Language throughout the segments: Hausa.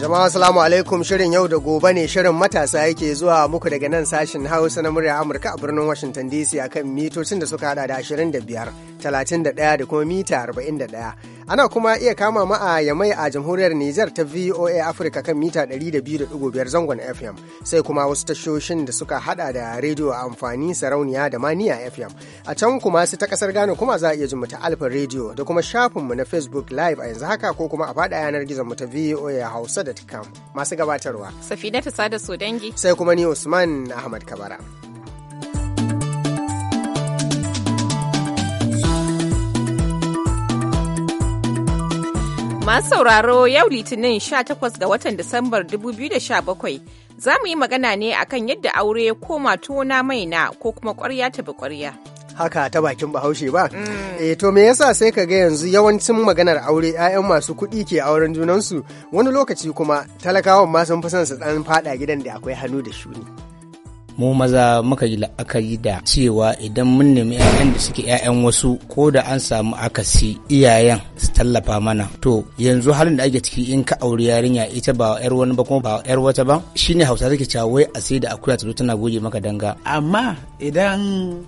Jama'a salamu alaikum shirin yau da gobe ne shirin matasa yake zuwa muku daga nan sashin Hausa na murya Amurka a birnin Washington DC akan mitocin da suka hada da 25, 31 da kuma mita 41. Ana kuma iya kama mu a Yamai a jamhuriyar Nijar ta VOA Africa kan mita 200.5 zangon FM sai kuma wasu tashoshin da suka hada da rediyo a amfani sarauniya da maniya FM. A can kuma su ta kasar Ghana kuma za a iya mu ta Alfa Radio da kuma shafin mu na Facebook Live a yanzu haka ko kuma a fada yanar gizon mu ta VOA Hausa.com masu gabatarwa. Safina ta sada Sodangi. Sai kuma ni Usman Ahmad Kabara. Masu sauraro yau Litinin 18 ga watan Disambar 2017 za mu yi magana ne akan yadda aure ko matona maina ko kuma kwarya ta bi kwarya haka ta bakin bahaushe ba. E to me yasa sai ka ga yanzu yawancin maganar aure 'ya'yan masu kuɗi ke auren junansu wani lokaci kuma talakawan ma sun fi son su ɗan faɗa gidan da akwai hannu da shuni. mu maza muka yi la'akari da cewa idan mun nemi 'ya'yan da suke 'ya'yan wasu ko da an samu akasi iyayen su tallafa mana to yanzu halin da ake ciki in ka auri yarinya ita ba yar wani ba kuma ba yar wata ba shine hausa take cewa wai a sai da akuya ta zo tana goge maka danga amma idan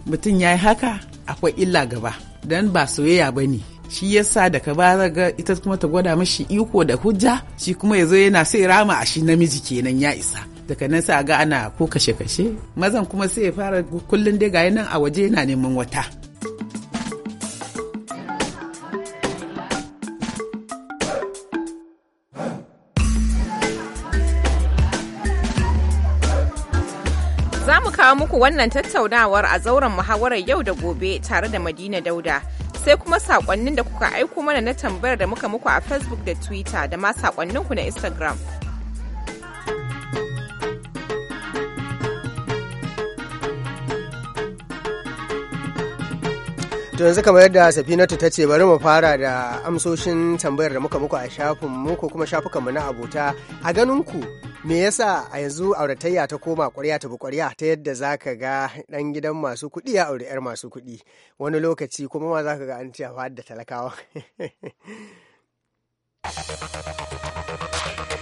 mutum ya yi haka akwai illa gaba dan ba soyayya ba ne shi yasa da ka ba ga ita kuma ta gwada mashi iko da hujja shi kuma ya zo yana sai rama a shi namiji kenan ya isa daga nan sa ga ana ko kashe-kashe mazan kuma sai ya fara kullun dai ga nan a waje yana neman wata Za mu kawo muku wannan tattaunawar a zauren muhawarar yau da gobe tare da Madina Dauda. Sai kuma sakonnin da kuka aiko mana na tambayar da muka muku a Facebook da Twitter da ma sakonninku na Instagram. To yanzu kamar yadda Safinatu ta ce bari mu fara da amsoshin tambayar da muka muku a shafin mu ko kuma shafukanmu na abota. A ganin ku me yasa a yanzu auratayya ta koma ƙwarya ta ƙwarya ta yadda za ka ga ɗan gidan masu kuɗi ya aure 'yar masu kuɗi wani lokaci kuma ma za ka ga an ce da talakawa.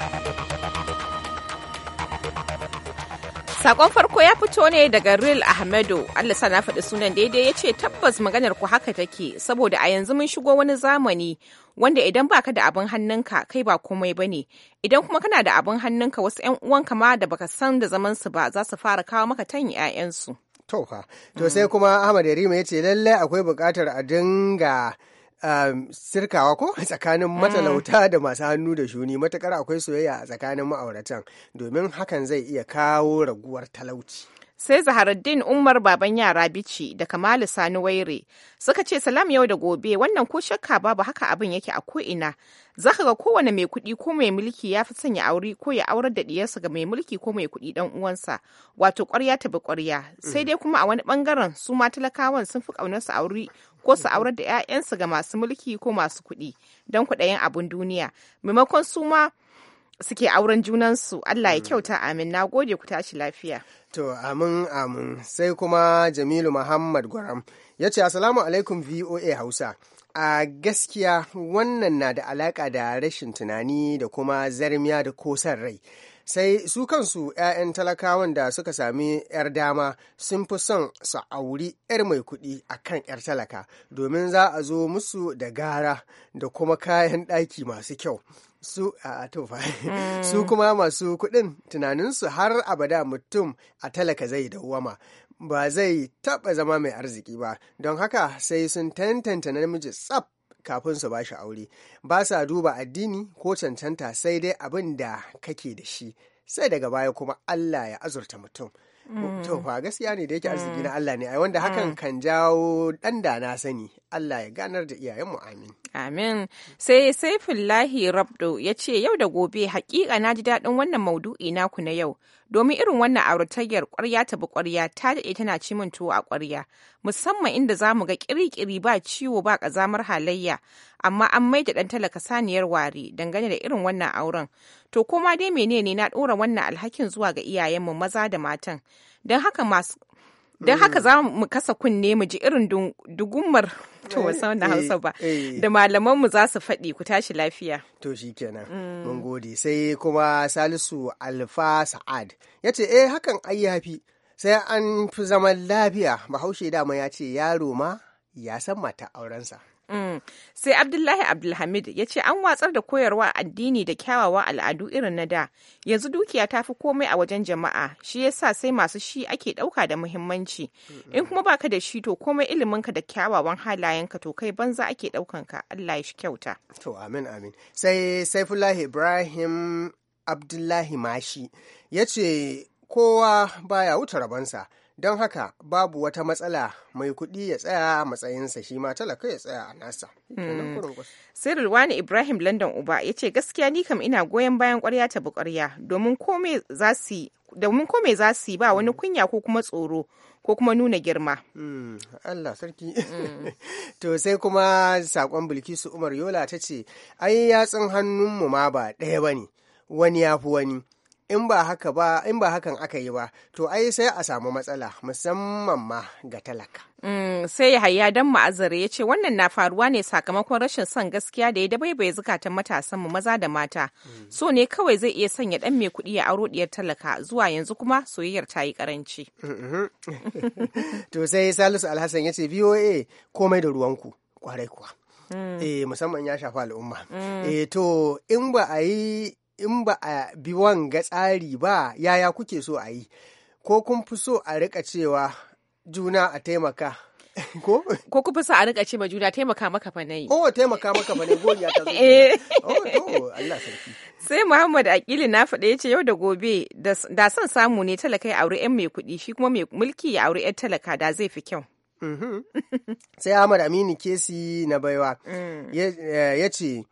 Sakon farko ya fito ne daga Real Ahmedo, Allah sana faɗi sunan daidai ya ce tabbas maganar ku haka take, saboda a yanzu mun shigo wani zamani wanda idan baka da abin hannunka kai ba komai ba ne, idan kuma kana da abin hannunka wasu 'yan uwanka ma da baka san da zaman su ba za su fara kawo maka tan 'ya'yansu. To sai kuma Ahmad Yarima ya ce lallai akwai bukatar a dinga um, sirkawa ko tsakanin mm. matalauta da masu hannu da shuni matakar akwai soyayya a tsakanin ma'auratan domin hakan zai iya kawo raguwar talauci sai zaharaddin umar baban yara bici da kamalu sani waire suka ce salam yau da gobe wannan ko shakka babu haka abin yake a ko'ina za ka ga kowane mai kuɗi ko mai mulki ya fi son ya auri ko ya aurar da ɗiyarsa ga mai mulki ko mai kuɗi dan uwansa wato ƙwarya ta bi kwarya sai mm. dai kuma a wani ɓangaren su ma talakawan sun fi ƙaunar su auri ko su aurar da 'ya'yansu ga masu mulki ko masu kuɗi don kuɗayen abun duniya maimakon su ma suke auren junansu Allah ya mm. kyauta amin na gode ku tashi lafiya to amin amin sai kuma jamilu muhammad gwaram ya ce asalamu alaikum voa hausa a gaskiya wannan na da alaka da rashin tunani da kuma zarmiya da kosan rai sai su kansu 'ya'yan talakawan da suka sami 'yar dama sun fi son su auri 'yar mai kuɗi a kan 'yar talaka domin za a zo musu da gara da kuma kayan ɗaki masu kyau su a su mm. kuma masu kuɗin tunaninsu har abada mutum a talaka zai dawwama ba zai taɓa zama mai arziki ba don haka sai sun tantanta namiji tsaf kafin su ba shi aure ba sa duba addini ko cancanta sai dai abin da kake da shi sai daga baya kuma Allah ya azurta mutum mm. to fa gaskiya ne da yake arziki mm. na Allah ne ai wanda hakan kan jawo ɗan da na sani Allah ya ganar da iyayenmu amin. Amin. Sai Saifullahi Rabdo ya ce yau da gobe hakika na ji daɗin wannan maudu'i naku na yau. Domin irin wannan auratayyar ƙwarya ta bi ƙwarya ta daɗe tana ci min tuwo a ƙwarya. Musamman inda za mu ga ƙiri-ƙiri ba ciwo ba ƙazamar halayya. Amma an mai da ɗan talaka saniyar ware dangane da irin wannan auren. To koma dai menene na ɗora wannan alhakin zuwa ga iyayenmu maza da matan. Don haka Don haka za mu kasa kunne mu ji irin dugumar to wasan da eh, Hausa ba eh, eh. da malaman mu za su faɗi ku tashi lafiya. To shi kenan. Mm. Mun gode. Sai kuma Salisu Alfa Sa'ad ya ce eh hakan ai sai an fi zaman lafiya Bahaushe dama ya ce yaro ma ya san mata aurensa. Mm. Sai Abdullahi Abdulhamid ya ce an watsar da koyarwa addini da kyawawan al'adu irin na da, yanzu dukiya ta fi komai a wajen jama'a, shi yasa sai masu shi ake ɗauka da muhimmanci. In kuma baka da shi to komai iliminka da kyawawan halayenka to kai banza ake ɗaukanka, Allah ya shi kyauta. To amin amin. Sai Saifullahi Ibrahim Abdullahi Mashi ya ce kowa baya wuta rabonsa. don haka babu wata matsala mai kuɗi ya tsaya a matsayinsa shi ma talaka ya tsaya a nasa cyril hmm. wani ibrahim london uba ya ce gaskiya ni kam ina goyon bayan kwarya ta bukwarya domin kome za su yi ba wani hmm. kunya ko kuma tsoro ko kuma nuna girma. Hmm. Allah sarki. to sai kuma sakon Bilkisu Umar Yola ta ce, ai yatsun hannunmu ma ba ɗaya ba ne, wani ya fi wani. in ba haka ba in ba hakan aka yi ba to ai sai a samu matsala musamman ma ga talaka mm, sai yahaya dan ma'azare ya ce wannan na faruwa ne sakamakon rashin son gaskiya da ya bai zukatan matasan mu maza da mata mm. so ne kawai zai iya sanya dan mai kuɗi ya aro diyar talaka zuwa yanzu kuma soyayyar ta yi karanci mm-hmm. to sai salisu alhassan ya ce voa komai da ruwanku kwarai kuwa E, musamman ya shafa al'umma E, to in ba a yi in ba a bi wanga tsari ba yaya kuke so a yi ko kun fi so a rika cewa juna a taimaka ko kun fi so a rika ce ma juna taimaka maka fa nayi oh taimaka maka fa ne godiya ta zo eh oh Allah sarki sai Muhammad Akili na faɗa yace yau da gobe da son samu ne talaka ya aure yan mai kuɗi shi kuma mai mulki ya aure yan talaka da zai fi kyau mm-hmm. sai Ahmad Aminu Kesi na baiwa mm. eh, ya ce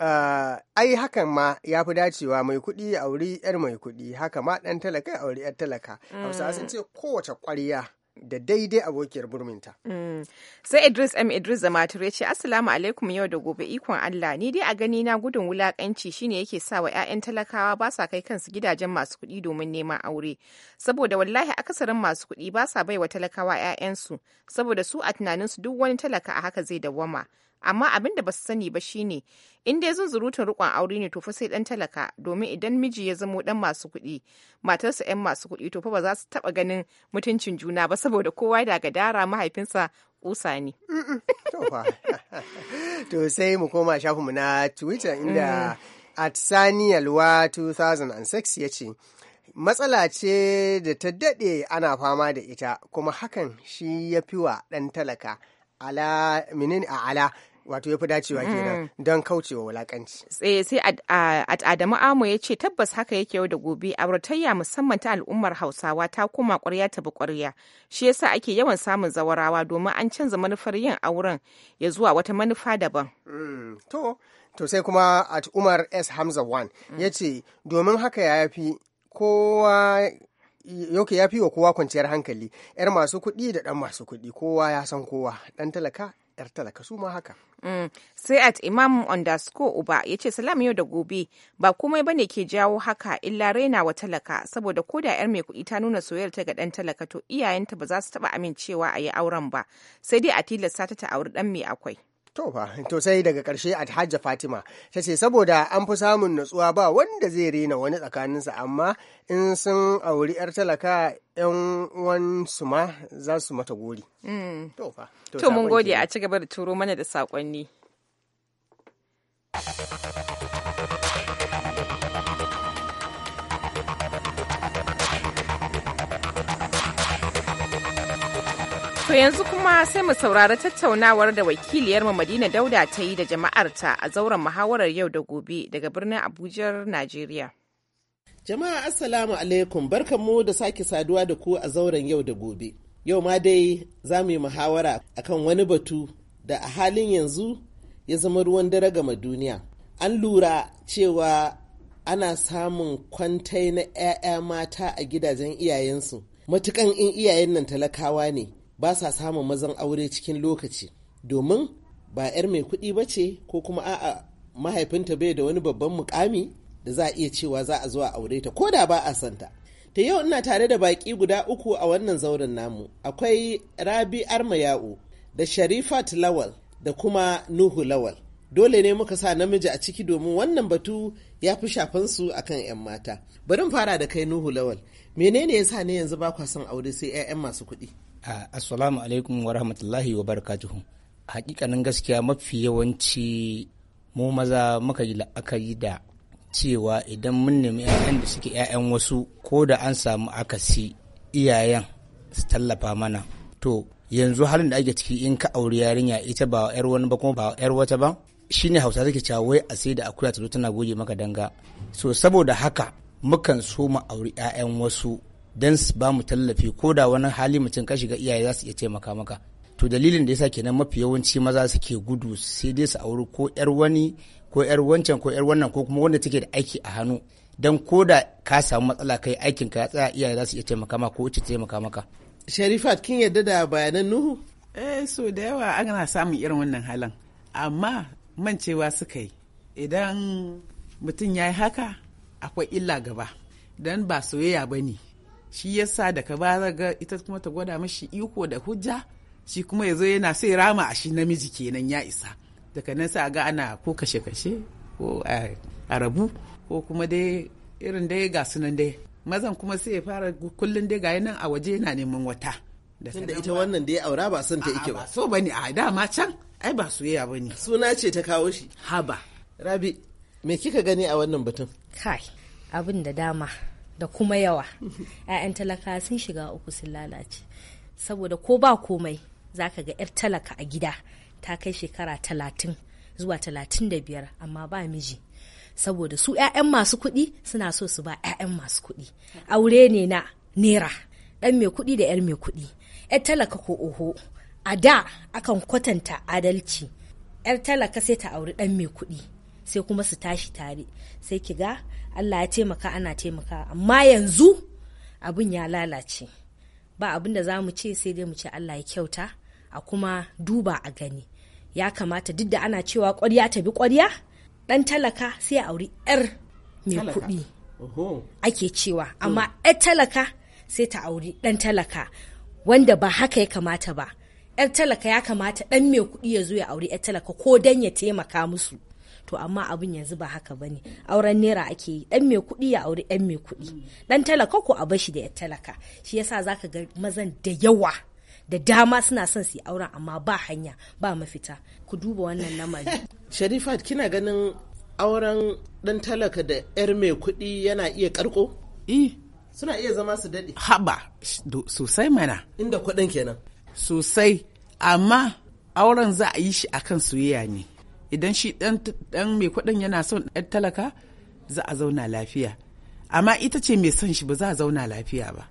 Uh, ai hakan ma ya fi dacewa mai kuɗi a auri 'yar mai kuɗi haka ma ɗan talaka a wuri 'yar talaka hausawa sun ce kowace ƙwarya da daidai abokiyar burminta. Mm. Sai Idris M. Idris matur ya ce Assalamu alaikum yau da gobe ikon Allah ni dai a gani na gudun wulakanci shine yake sa wa 'ya'yan talakawa ba sa kai kansu gidajen masu kuɗi domin neman aure. Saboda wallahi akasarin masu kuɗi ba sa baiwa talakawa 'ya'yansu saboda su a tunaninsu duk wani talaka a haka zai dawwama. amma abin da ba su sani ba shine in dai zunzurutun rikon aure ne to fa sai dan talaka domin idan miji ya zamo dan masu kuɗi matarsa yan masu kuɗi to fa ba za su taba ganin mutuncin juna ba saboda kowa daga dara mahaifinsa kusa ne. To sai mu koma shafinmu na Twitter inda mm. at Sani Alwa 2006 ya ce, Matsala ce da ta daɗe ana fama da ita, kuma hakan shi ya fi wa ɗan talaka. Ala, a ala wato ya fi dacewa kenan mm. don kaucewa wulakanci. Eh, sai at adamu amo ya ce tabbas haka yake yau da gobe a rotayya musamman ta al'ummar hausawa ta koma kwarya ta bi ƙwarya. shi yasa ake yawan samun zawarawa domin an canza manufar yin auren ya zuwa wata manufa daban. Mm, to to sai kuma at umar s hamza wan mm. ya ce domin haka ya fi kowa yauke ya fi wa kowa kwanciyar hankali yar masu kuɗi da ɗan masu kuɗi kowa ya san kowa ɗan talaka 'yar talaka su ma haka. Mm. Sai at imam Ondasko uba ya ce salam yau da gobe ba komai ba ne ke jawo haka illa raina wa talaka saboda ko da 'yar mai kuɗi ta nuna soyayyar ta ga ɗan talaka to iyayenta ba za su taɓa amincewa a yi auren ba sai dai a tilasta ta ta auri ɗan mai akwai. To fa, to sai daga ƙarshe a hajja Fatima ta ce saboda an fi samun natsuwa ba wanda zai rena wani tsakaninsa amma in sun auri 'yar talaka 'yan wansu ma za su mata gori. Mm. To fa. To mun gode a ci gaba da turo mana da saƙonni. To yanzu kuma sai mu saurari tattaunawar da wakiliyarmu Madina Dauda ta yi da jama'arta a zauren muhawarar yau da gobe daga birnin Abuja, Najeriya. Jama'a Assalamu alaikum barkanmu da sake saduwa da ku a zauren yau da gobe. Yau ma dai za mu yi muhawara akan wani batu da a halin yanzu ya zama ruwan dare gama duniya. An lura cewa ana samun kwantai na 'ya'ya mata a gidajen iyayensu. Matukan in iyayen nan talakawa ne. ba sa samun mazan aure cikin lokaci domin ba 'yar mai kuɗi ba ce ko kuma a'a mahaifinta bai da wani babban mukami da za a iya cewa za a zo a aure ta ko da ba a santa ta yau ina tare da baƙi guda uku a wannan zauren namu akwai rabi armayau da sharifat lawal da kuma nuhu lawal dole ne muka sa namiji a ciki domin wannan batu ya fi shafan su akan 'yan mata Barin fara da kai nuhu lawal menene ya sa ne yanzu ba kwa son aure sai 'ya'yan masu kuɗi assalamu alaikum wa rahmatullahi wa barakatuhu hakikanin gaskiya mafi yawanci mu maza muka yi la'akari da cewa idan mun nemi 'ya'yan da suke 'ya'yan wasu ko da an samu akasi iyayen su tallafa mana to yanzu halin da ake ciki in ka auri yarinya ita ba 'yar wani ba kuma ba 'yar wata ba shine hausa take cewa wai a sai da akuya ta zo tana goge maka danga so saboda haka mukan so mu auri 'ya'yan wasu don su ba mu tallafi ko da wani hali mutum ka shiga iyaye za su iya taimaka maka to dalilin da ya yasa kenan mafi yawanci maza suke gudu sai dai su auri ko yar wani ko yar wancan ko yar wannan ko kuma wanda take da aiki a hannu don ko da ka samu matsala kai aikin ka ya tsaya iyaye za su iya taimaka maka ko ita taimaka maka sharifat kin yadda da bayanan nuhu eh so da yawa ana samun irin wannan halin amma mancewa suka yi idan mutum ya yi haka akwai illa gaba don ba soyayya ba ne shi yasa da ka ba ga ita kuma ta gwada mashi iko da hujja shi kuma yazo yana sai rama a shi namiji kenan ya isa daga nan sai ga ana ko kashe kashe ko a rabu ko kuma dai irin dai ga sunan dai mazan kuma sai ya fara kullun dai ga nan a waje yana neman wata tunda ita wannan da ya aura ba son ta ike ba so bane a dama can ai ba soyayya bane suna ce ta kawo shi haba rabi me kika gani a wannan batun kai abin da dama da kuma yawa 'ya'yan talaka sun shiga uku sun lalace saboda ko ba komai za ka ga 'yar talaka a gida ta kai shekara talatin zuwa talatin da biyar amma ba miji saboda su 'ya'yan masu kuɗi suna so su ba 'ya'yan masu kuɗi aure ne na nera ɗan mai kuɗi da 'yar mai kuɗi 'yar talaka ko oho a da akan kwatanta adalci 'yar talaka sai ta auri ɗan mai kuɗi sai kuma su tashi tare sai ki ga allah ya taimaka ana taimaka amma yanzu abin ya lalace ba abin da za mu ce sai dai mu ce allah ya kyauta a kuma duba a gani ya kamata duk da ana cewa kwarya ta bi kwarya dan talaka sai auri yar mai kuɗi ake cewa hmm. amma yar talaka sai ta auri dan talaka wanda ba haka ya kamata ba yar talaka ya kamata dan mai kuɗi ya zo ya auri yar talaka ko dan ya taimaka musu to amma abin yanzu ba haka bane auren naira ake yi dan mai kuɗi ya auri yan mai kuɗi dan talaka ko a bashi da yar talaka shi yasa zaka ga mazan da yawa da dama suna son su yi auren amma ba hanya ba mafita ku duba wannan lamari sharifat kina ganin auren dan talaka da yar mai kuɗi yana iya karko eh suna iya zama su dade haba sosai mana inda kuɗin kenan sosai amma auren za a yi shi akan soyayya ne idan shi dan mai kudin yana son ɗan talaka za a zauna lafiya amma ita ce mai son shi ba za a zauna lafiya ba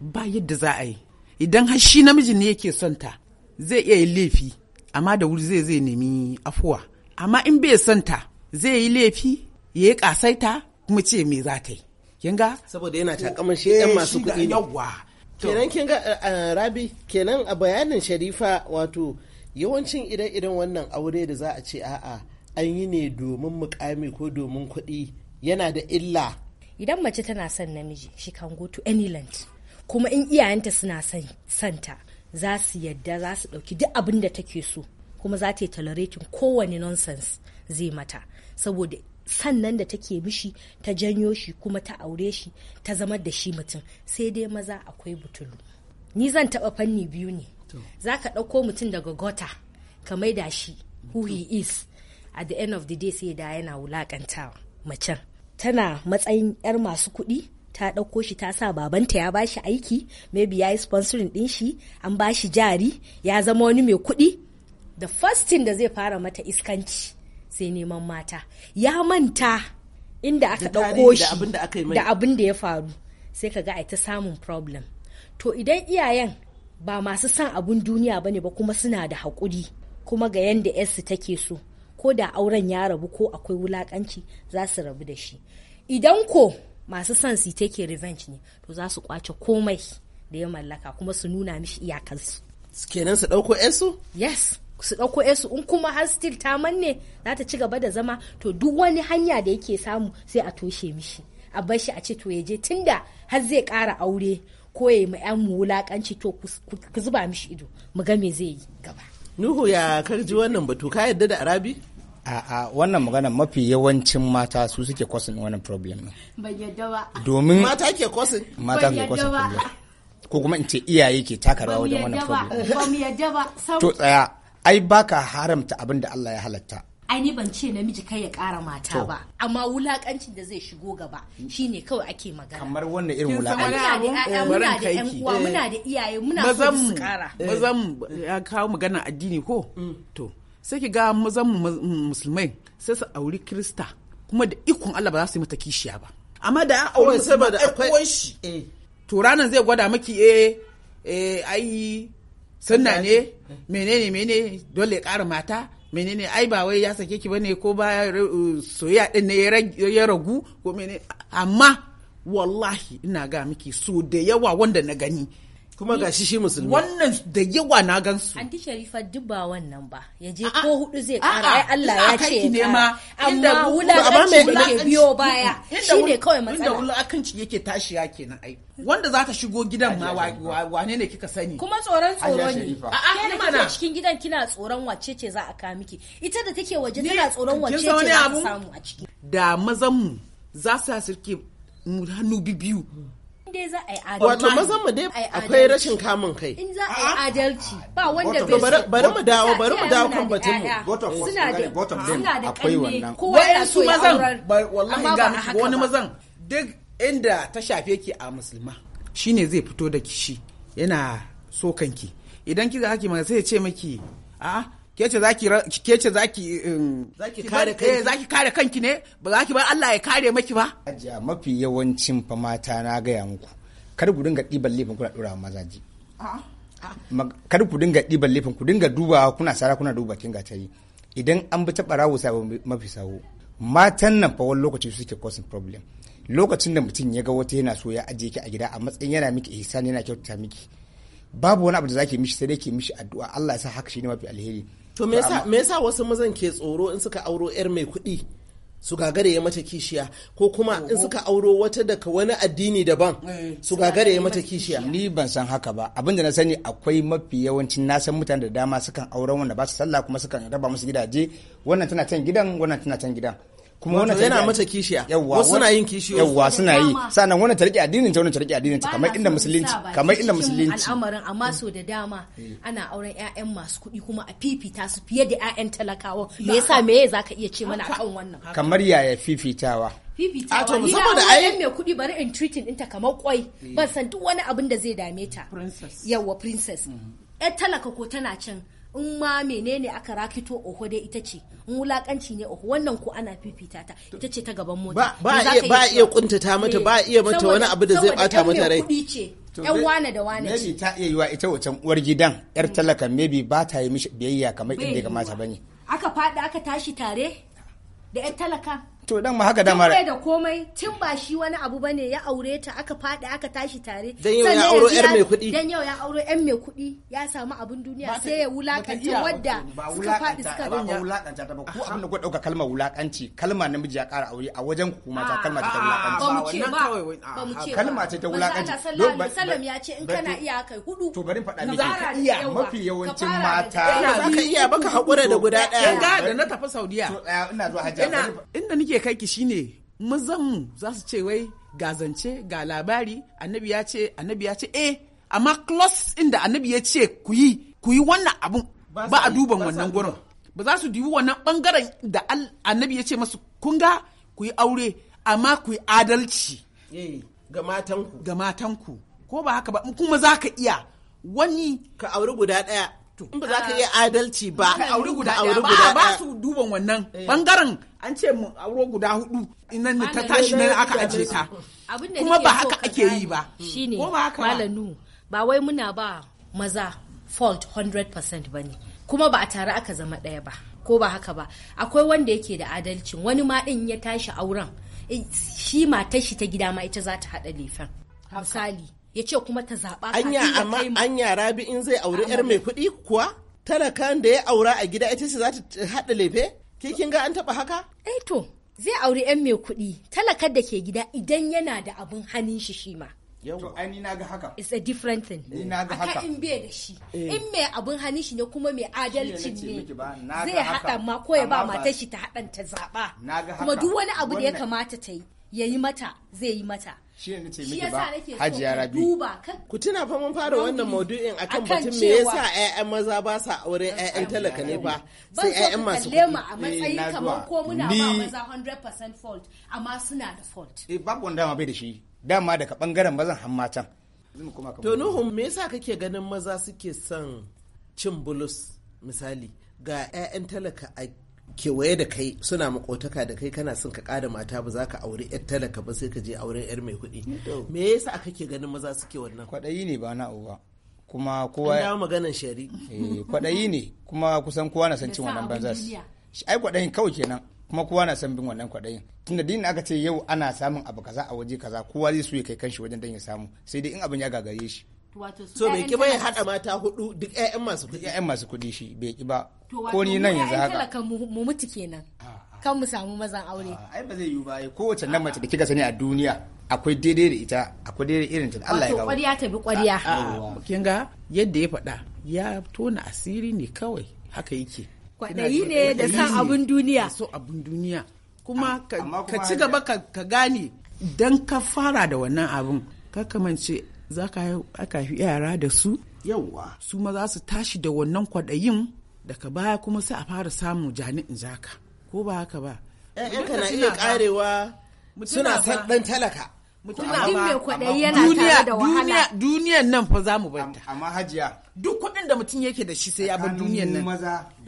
ba yadda za a yi idan har shi namijin ne yake son ta zai iya yi laifi amma da wuri zai zai nemi afuwa amma in bai son ta zai yi laifi ya yi kasaita kuma ce mai za ta yi kinga saboda yana takamar shi yan masu eh, kuɗi ne kenan kinga eh, rabi kenan a bayanin sharifa wato yawancin idan idan wannan aure da za a ce a'a an yi ne domin mukami ko domin kuɗi yana da illa idan mace tana son namiji shi kan go to any land kuma in iyayenta suna santa za su yadda za su ɗauki duk abin da take so kuma za ta yi tolerating kowane nonsense zai mata saboda sannan da take mishi ta janyo shi kuma ta aure shi ta zama da shi mutum sai dai maza akwai butulu ni zan taɓa fanni biyu ne za ka ɗauko mutum daga gota ka mai da shi who he is at the end of the day sai da yana wulaƙanta macen tana matsayin 'yar masu kuɗi ta ɗauko shi ta sa babanta ya ba shi aiki maybe ya yi sponsoring ɗin shi an ba shi jari ya zama wani mai kuɗi the first thing da zai fara mata iskanci sai neman mata ya manta inda aka ɗauko shi da abin da ya faru sai ka ga ita samun problem to idan iyayen ba masu san abun duniya ba ne ba kuma suna da haƙuri kuma ga yadda yarsu take so ko da auren ya rabu ko akwai wulakanci za su rabu da shi idan ko masu san su take revenge ne to za su kwace komai da ya mallaka kuma su nuna mishi iyakarsu kenan su ɗauko yarsu yes su ɗauko yarsu in kuma har still ta manne za ta ci gaba da zama to duk wani hanya da yake samu sai a toshe mishi a bar shi a ce to ya je tunda har zai ƙara aure Koye ma yan mu wulakanci to ku zuba mishi ido mu ga me zai yi gaba Nuhu ya karji wannan batu ka yadda da Arabi a'a wannan magana mafi yawancin mata su suke kwasin wannan problem ban yadda ba domin mata ke kwasin mata ke kwasin ko kuma in ce iyaye ke taka rawa wajen wannan problem ba yadda ba to tsaya ai baka haramta abin da Allah ya halatta ai ni ban ce namiji kai ya kara mata ba amma wulakancin da zai shigo gaba shine kawai ake magana kamar wannan irin wulakanci muna da eh, yan uwa eh. muna da iyaye muna so su kara eh, mazan ya kawo magana addini ko mm. to sai ki ga mazan mm, musulmai sai su auri krista kuma da ikon Allah ba za su yi mata kishiya ba amma da an auri saboda akwai shi to ranan zai gwada miki eh eh ai sunna ne menene menene dole ya kara mata menene ai ba wai ya sake ki bane ko ba uh, soyayya din ne ya ragu ko menene amma wallahi ina ga miki so da yawa wanda na gani kuma ga shi shi musulmi wannan da yawa na gansu anti sharifa duk ba wannan ba ya je ko hudu zai kara ai Allah ya ce ne ma inda wula da ke biyo baya shine kawai matsala inda ci yake tashiya kenan ai wanda za shigo gidan ma wane ne kika sani kuma tsoron tsoro ne a'a ni mana cikin gidan kina tsoron wacce ce za a ka miki ita da take waje tana tsoron wacce ce za a samu a ciki da mazan mu za su sirke mu hannu biyu dai za a yi adalci. Wato mazan mu dai akwai rashin kamun kai. In za a yi adalci ba wanda bai bari mu dawo bari mu dawo kan batun mu. Suna da suna da akwai ya Wayan su mazan wallahi ga wani mazan duk inda ta shafe ki a musulma shine zai fito da kishi yana so kanki idan kika haki ma sai ya ce miki a'a kece zaki zaki um, zaki kare kai eh, zaki kare kanki ne ba zaki bar Allah ya kare maki ba ajiya mafi yawancin fa mata na gaya muku kar ku dinga ɗiban laifin kuna dora mazaji ah, ah. kar ku dinga ɗiban lifin ku dinga dubawa kuna sara kuna duba kin gatari idan an bi ta barawo sabo mafi sawo matan nan fa wani lokaci suke causing problem lokacin da mutum ya ga wata yana so ya ajiye ki a gida a matsayin yana miki ihsani yana kyautata miki babu wani abu da zaki mishi sai dai ki mishi addu'a Allah ya sa haka shi ne mafi alheri to me yasa wasu mazan ke tsoro in suka auro yar mai kuɗi su gagare ya mata kishiya ko kuma in suka auro wata daga wani addini daban eh, su gagare ya mata kishiya ni ban san haka ba abin da na sani akwai mafi yawancin na san mutane da dama sukan auren wanda ba su sallah kuma sukan raba musu gidaje wannan tana can gidan wannan tana can gidan kuma wannan yana mata kishiya yawwa suna yin kishiyo yawwa suna yi sannan wannan ta rike addinin ta wannan ta rike addinin ta kamar inda musulunci kamar inda musulunci al'amarin amma so da dama eh. ana auren ƴaƴan masu kuɗi kuma a fifita su fiye da ƴaƴan talakawa me yasa me zaka iya ce mana akan wannan kamar yaya fifitawa fifitawa to musamman da ai mai kuɗi bari in treating ɗinta kamar kwai eh. ban san duk wani abin da zai dame ta princess yawwa princess mm-hmm. ƴar talaka ko tana can in ma menene aka rakito oho dai ita ce in wulakanci ne oho wannan ko ana fifita ta ita ce ta gaban mota ba iya ba iya kuntata mata eh. ba iya mata wani abu da zai bata mata rai kudi ce yan wane da wane ce ta iya yiwa ita wacan uwar gidan yar hmm. talakan maybe ba ta yi mishi biyayya kamar inda ya kamata bane aka faɗi aka tashi tare da yar talakan to dan ma haka dama da komai tun ba shi wani abu bane ya aure ta aka fadi aka tashi tare dan yau ya auro yar mai kuɗi dan yau ya auro yan mai kuɗi ya samu abun duniya sai ya wulakanta wadda suka fadi suka ba wulakanta ta ba ko abin da ku dauka kalmar wulakanci kalma namiji ya kara aure a wajen ku kuma ta kalma ta wulakanci ba wannan kawai ba mu ce kalma ce ta wulakanci sallam ya ce in kana iya kai hudu to bari fada miki ka iya mafi yawancin mata za ka iya baka hakura da guda daya da na tafi saudiya ina zuwa hajjia inda nake ya kai ki shine mazanmu za su ce wai ga zance ga labari annabi ya ce annabi ya ce eh amma close inda annabi ya ce ku yi ku yi wannan abun ba a duban wannan gurin ba za su dubi wannan bangaren da annabi ya ce masu kunga ku yi aure amma ku yi adalci eh, ga matanku ga matanku ko ba haka ba kuma za ka iya wani ka auri guda ɗaya ba za ka iya ah. adalci ba aure guda ba ba su duban wannan bangaren eh. an ce mu aure guda hudu nan ne ta tashi nan aka aje ta kuma ba haka ake yi ba shine malanu ba wai muna ba maza fault 100% bane kuma ba a tare aka zama ɗaya ba ko ba haka ba akwai wanda yake da adalcin wani ma din ya tashi auren eh, shi matar shi ta gida ma ita za ta hada lefen misali ya ce kuma ta zaɓa an anya rabi in zai aure yar mai kuɗi kuwa talakan da ya aura a gida ita ce za ta haɗa lefe ke kin ga an taɓa haka eh to zai aure 'yar mai kuɗi talakar da ke gida idan yana da abin hannun shi shi ma to ai ni naga haka it's a different thing ni naga haka in bai da shi eh. in mai abin hannun shi ne kuma mai adalci ne zai haɗa ma ko ya ba matar shi ta haɗan ta zaɓa kuma duk wani abu da ya kamata ta yi ya yi mata zai yi mata shi ne nace miki ba hajiya rabi ku tuna fa mun fara wannan maudu'in akan batun me yasa ƴaƴan maza ba sa aure ƴaƴan talaka ne ba sai ƴaƴan masu kuɗi a matsayin eh, kamar ko muna ba maza 100% fault amma suna da fault eh babu wanda ma bai da shi dama daga bangaren mazan har matan to nuhu me yasa kake ganin maza suke son cin bulus misali ga 'ya'yan talaka a kewaye da kai suna makotaka da kai kana son ka kada mata ba za ka aure yar talaka ba sai ka je auren yar mai kuɗi me yasa ke ganin maza suke wannan kwaɗayi ne ba na uwa kuma kowa ya maganan shari eh, kwaɗayi ne kuma kusan kowa na san cin wannan banza ai kwaɗayin kawai kenan kuma kowa na san bin wannan kwaɗayin tunda din aka ce yau ana samun abu kaza a waje kaza kowa zai so ya kai kanshi wajen dan ya samu sai dai in abin ya gagare shi wato su so bai ki bai hada mata hudu duk ƴaƴan masu kuɗi ƴaƴan masu kudi shi bai ki ba ko ni nan yanzu haka kan mu mutu kenan ah, ah. kan mu samu mazan aure ah, ai ba zai yiwu ba kowace nan mace da kika sani a duniya akwai daidai da ita akwai daidai irin ta Allah ya gawo kwariya ta bi kwariya kin ga yadda ya faɗa ya tona asiri ne kawai haka yake kwaɗayi ne da san abun duniya so abun duniya kuma ka ci gaba ka gane dan ka fara da wannan abun ka kamance za ka haifi yara da su yauwa su ma za su tashi da wannan kwaɗayin daga baya kuma sai a fara samun jani'in zaka ko ba haka ba ‘ya'yanka eh, na iya karewa suna ɗan talaka mai kwaɗayi yana tare da wahala duniyan nan fa za mu banta amma hajiya duk kuɗin da mutum yake da shi sai ya bar duniyan nan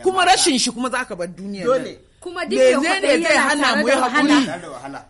kuma rashin shi kuma za ka bar duniyan nan kuma duk mai kwaɗayi yana tare da wahala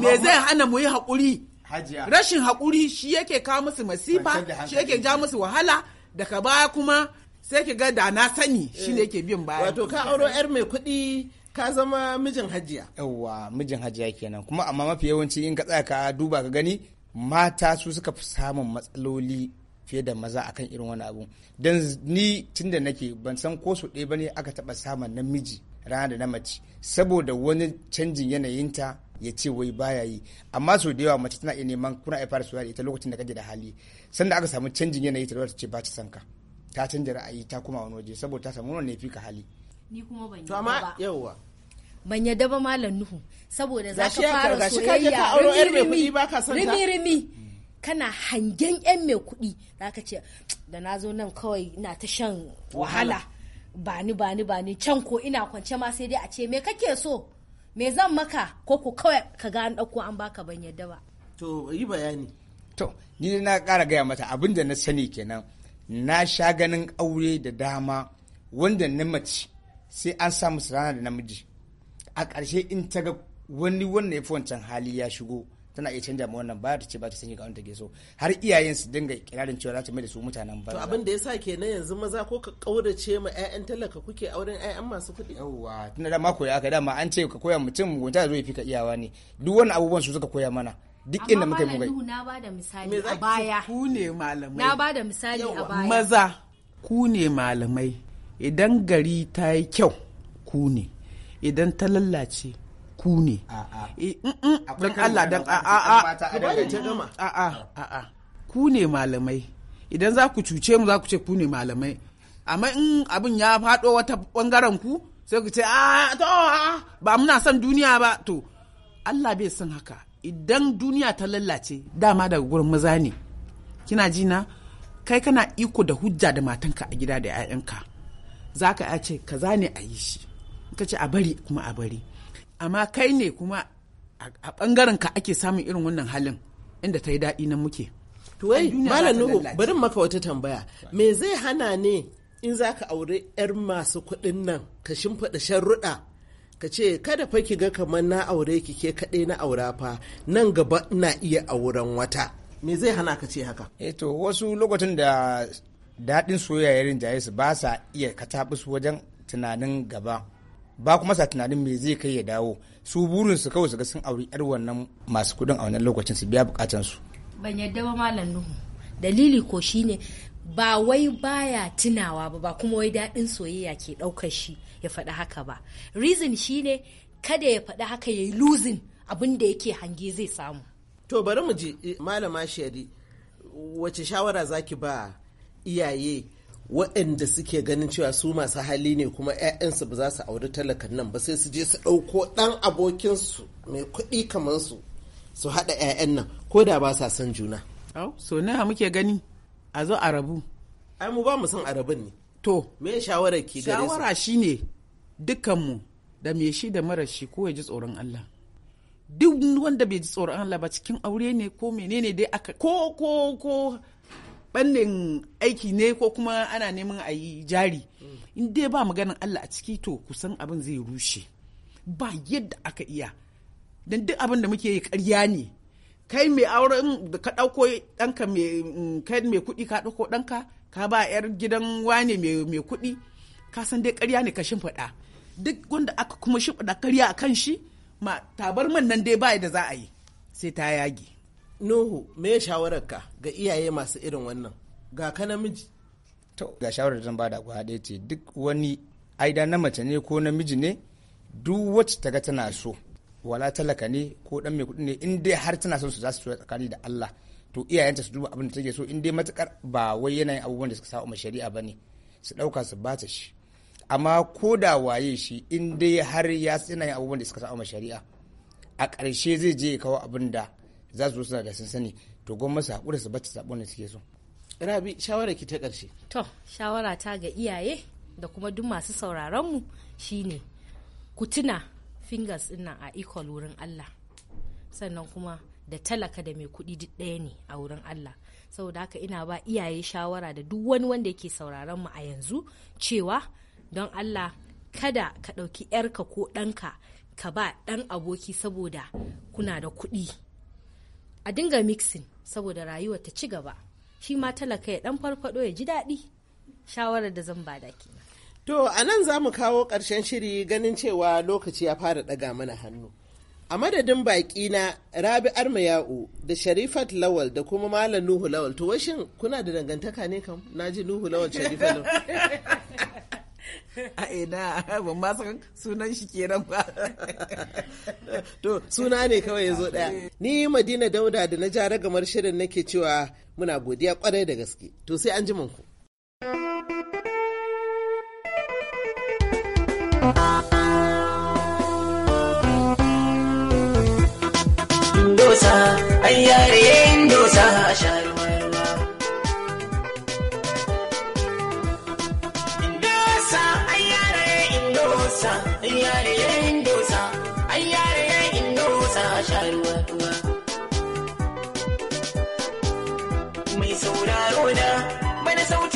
me zai hana mu yi haƙuri hajiya rashin haƙuri shi yake kawo musu masifa shi yake ja musu wahala daga baya kuma sai ki ga da na sani eh. shi ne yake biyan baya wato ka auro yar mai kuɗi ka zama mijin hajiya yawwa mijin hajiya kenan kuma amma mafi yawanci in ka tsaya ka duba ka gani mata su suka fi samun matsaloli fiye da maza akan irin wani abu dan ni tunda nake ban san ko su ɗaya bane aka taɓa samun namiji rana da na mace saboda wani canjin yanayinta ya ce wai baya yi amma sau da yawa mace tana iya neman kuna iya fara soyayya da ita lokacin da kake da hali sanda aka samu canjin yanayi ta ta ce ba ta san ka ta canja ra'ayi ta kuma wani waje saboda ta samu wani fi ka hali ni kuma ban yi ba yawa ban yadda ba malam nuhu saboda za ka fara soyayya rimi rimi kana hangen yan mai kuɗi za ka ce da na zo nan kawai na ta shan wahala bani bani bani can ko ina kwance ma sai dai a ce me kake so me zan maka ko ku kawai ka ga an ɗauko an baka ban yadda ba. To yi bayani. To ni na ƙara gaya mata abin da na sani kenan na sha ganin aure da dama wanda na mace sai an sa samu rana da namiji a ƙarshe in ta ga wani wanda ya fi wancan hali ya shigo tana iya canja ma wannan baya ta ce ba ta sanya ga wanda ke so har iyayen su dinga kirarin cewa za ta mai da su mutanen ba to abin da ya sa ke na yanzu maza ko ka kaurace ma ƴaƴan talaka kuke auren ƴaƴan masu kuɗi yawwa tunda da mako ya aka dama an ce ka koya mutum gunta zo ya fika iyawa ne duk wani abubuwan su suka koya mana duk inda muka yi mugai na ba da misali a baya ku ne malamai na ba da misali a baya maza ku ne malamai idan gari ta yi kyau ku ne idan ta lallace ku ne eh, mm, mm. don Allah dan a'a a'a a'a ku ne malamai idan za ku cuce mu za ku ce ku ne malamai amma in abin ya faɗo wata bangaren ku sai ku ce a to ba muna son duniya ba to Allah bai son haka idan duniya ta lallace dama daga gurin maza ne kina ji na kai kana iko da hujja da matanka a gida da 'ya'yanka za ka ce za ne a yi shi ka ce a bari kuma a bari amma kai ne kuma a bangaren ka ake samun irin wannan halin inda ta yi daɗi nan muke to wai malam nuhu bari maka wata tambaya me zai hana ne in za ka aure 'yar masu kuɗin nan ka shimfiɗa sharruɗa ka ce kada fa ki ga kamar na aure ki ke kaɗai na aura fa nan gaba ina iya auren wata me zai hana ka ce haka eh to wasu lokacin da daɗin soyayya rinjaye su ba sa iya taɓi su wajen tunanin gaba ba kuma sa tunanin me zai kai ya dawo su burin su kawai su ga sun auri yar wannan masu kudin a wannan lokacin su biya bukatun su ban yadda ba malam nuhu dalili ko shine ba wai baya tunawa ba ba kuma wai daɗin soyayya ke ɗaukar shi ya faɗi haka ba reason shine kada ya faɗi haka ya yi losing abin da yake hange zai samu to bari mu je eh, malama shari wace shawara zaki ba iyaye waɗanda suke ganin cewa su masu hali ne kuma 'ya'yansu ba za su auri talakan nan ba sai su je su ɗauko ɗan abokinsu mai kuɗi kamar su su haɗa 'ya'yan nan ko da ba sa son juna. Au, so na muke gani a zo a rabu. Ai mu ba mu son arabin ne. To, me shawara ki gare Shawara shine dukkanmu da me shi da mara shi ko ya ji tsoron Allah. Duk wanda bai ji tsoron Allah ba cikin aure ne ko menene dai aka ko ko ko bannin aiki ne ko kuma ana neman a yi jari in dai ba maganin Allah a ciki to kusan abin zai rushe ba yadda aka iya don duk abin da muke yi karya ne kai mai auren da ka ɗauko ɗanka mai mm, kuɗi ka ɗauko ɗanka ka ba 'yar gidan wane mai kuɗi ka san dai karya ne ka shimfiɗa duk wanda aka kuma shimfiɗa karya a kan shi ma tabar man nan dai ba da za a yi sai ta yage Nuhu me shawararka ga iyaye masu irin wannan ga ka namiji to ga shawarar zan bada ku haɗe ce duk wani aida na mace ne ko namiji ne duk wacce ta ga tana so wala talaka ne ko dan mai kuɗi ne in dai har tana son su za su so tsakani da Allah to iyayenta su duba abin da take so in dai matukar ba wai yanayin abubuwan da suka sa shari'a ne su ɗauka su bata shi amma ko da waye shi in dai har ya tsina yin abubuwan da suka sa shari'a a ƙarshe zai je ya kawo abin da za su suna da sun sani to goma su haƙura su bacci sabon da suke so. Rabi shawara ki ta ƙarshe. To shawara ta ga iyaye da kuma duk masu sauraron mu shine ku tuna fingers ɗin nan a equal wurin Allah sannan kuma da talaka da mai kuɗi duk ɗaya ne a wurin Allah saboda haka ina ba iyaye shawara da duk wani wanda yake sauraron mu a yanzu cewa don Allah kada ka ɗauki 'yarka ko ɗanka ka ba ɗan aboki saboda kuna da kuɗi a dinga mixin saboda rayuwar ta ci gaba shi ma talaka ya dan farfado ya ji daɗi shawarar da zan bada ke. to a nan za mu kawo ƙarshen shiri ganin cewa lokaci ya fara ɗaga mana hannu a madadin baƙi na rabi armayau da sharifat lawal da kuma malam nuhu lawal to washin kuna da dangantaka ne kam na ji nuhu lawal sharifat lawal a ina ban ma san sunan shi kenan ba to suna ne kawai yazo daya ni Madina Dauda da na jara Gamar shirin nake cewa muna godiya kwarai da gaske to sai an ji ku Indosa, ayyare dosa, sharu. a sha ruwa mai sauraro na bana sauti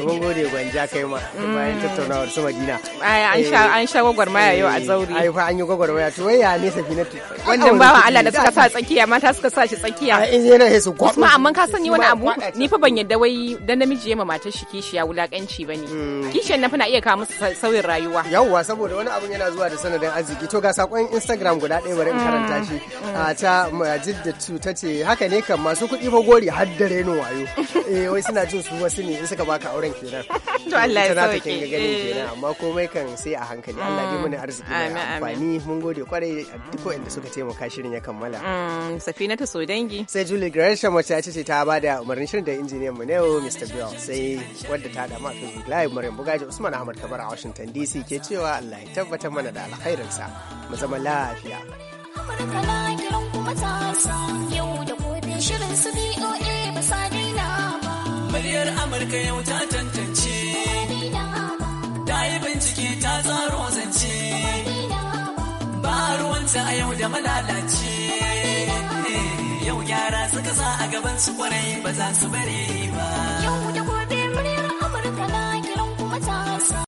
to mun gode gwanja kai ma bayan mm. tattaunawar su madina ai an sha an sha gwagwarmaya yau a eh, zauri ai fa an yi gwagwarmaya to wai ya ne safinatu wannan ba Allah da suka sa tsakiya mata suka sa shi tsakiya a in yana su kwabu kuma amma ka sani wani abu ni fa ban yadda wai dan namiji yema matar shi kishiya wulakanci bane mm. kishiyan na fa na iya kawo musu sauyin rayuwa yawwa saboda wani abun yana zuwa da sanadin arziki to ga sakon Instagram guda ɗaya bari in mm. karanta shi ta jiddatu ta ce haka ne kan masu kuɗi fa gori har da reno wayo eh wai suna jin su wasu ne in suka baka auren auren kenan to Allah ya sauke kin ga ganin kenan eh. amma komai kan sai a hankali Allah ya mana mm. arziki mai amfani mun gode kwarai a duk wanda suka taimaka shirin ya kammala mm, safina ta so dangi sai Julie Gresham wacce ta ce ta bada umarnin shirin da injiniyan mu ne Mr. Bill sai wadda ta da mafi Live Maryam Bugaji Usman Ahmad Kabar a Washington DC ke cewa Allah ya tabbatar mana da sa mu zama lafiya Amurka na kuma ta yau da gobe shirin su BOA ba Kwaliyar Amurka yau ta tantance. Ta yi bincike ta tsaro zance. Ba ruwanta a yau da malalace. Yau gyara suka sa a gaban su kwarai ba za su bare ba. Yau da gobe muryar